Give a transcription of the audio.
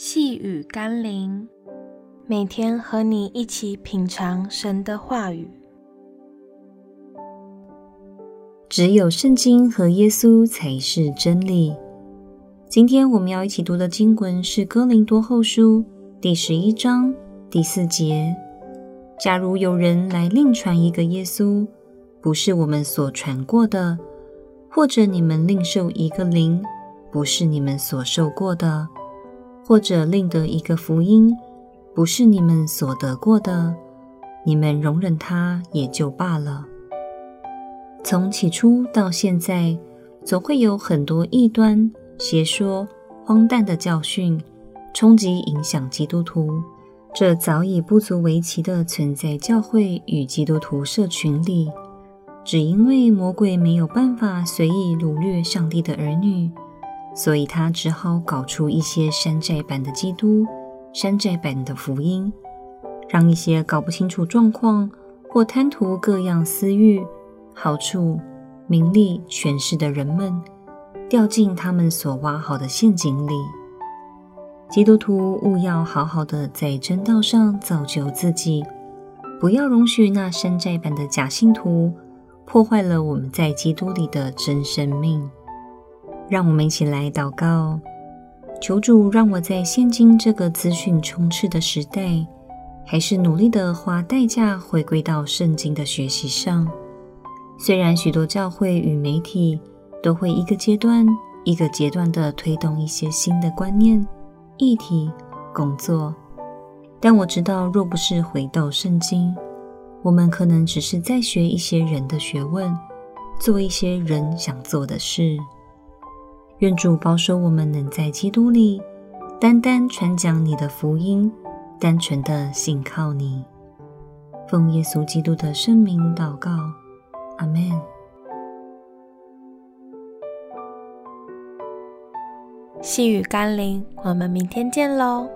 細語甘霖，每天和你一起品嚐神的話語。只有聖經和耶穌才是真理。今天我們要一起讀的經文是《哥林多後書》第十一章第四節：“假如有人來另傳一個耶穌，不是我們所傳過的；或者你們另受一個靈，不是你們所受過的。”或者另得一個福音，不是你們所得過的，你們容忍它也就罷了。從起初到現在，總會有很多異端、邪說、荒誕的教訓衝擊影響基督徒，這早已不足為奇的存在教會與基督徒社群裡，只因為魔鬼沒有辦法隨意擄掠上帝的兒女。所以他只好搞出一些山寨版的基督、山寨版的福音，讓一些搞不清楚狀況或貪圖各樣私慾、好處、名利、權勢的人們，掉進他們所挖好的陷阱裡。基督徒務要好好地在真道上造就自己，不要容許那山寨版的假信徒破壞了我們在基督裡的真生命。讓我們一起來禱告，求主讓我在現今這個資訊充斥的時代，還是努力的花代價回歸到聖經的學習上。雖然許多教會與媒體都會一個階段一個階段的推動一些新的觀念、議題、工作，但我知道，若不是回到聖經，我們可能只是在學一些人的學問，做一些人想做的事。願主保守我們，能在基督裡單單傳講你的福音，單純的信靠你。奉耶穌基督的聖名禱告，阿門。細語甘霖，我們明天見嘍。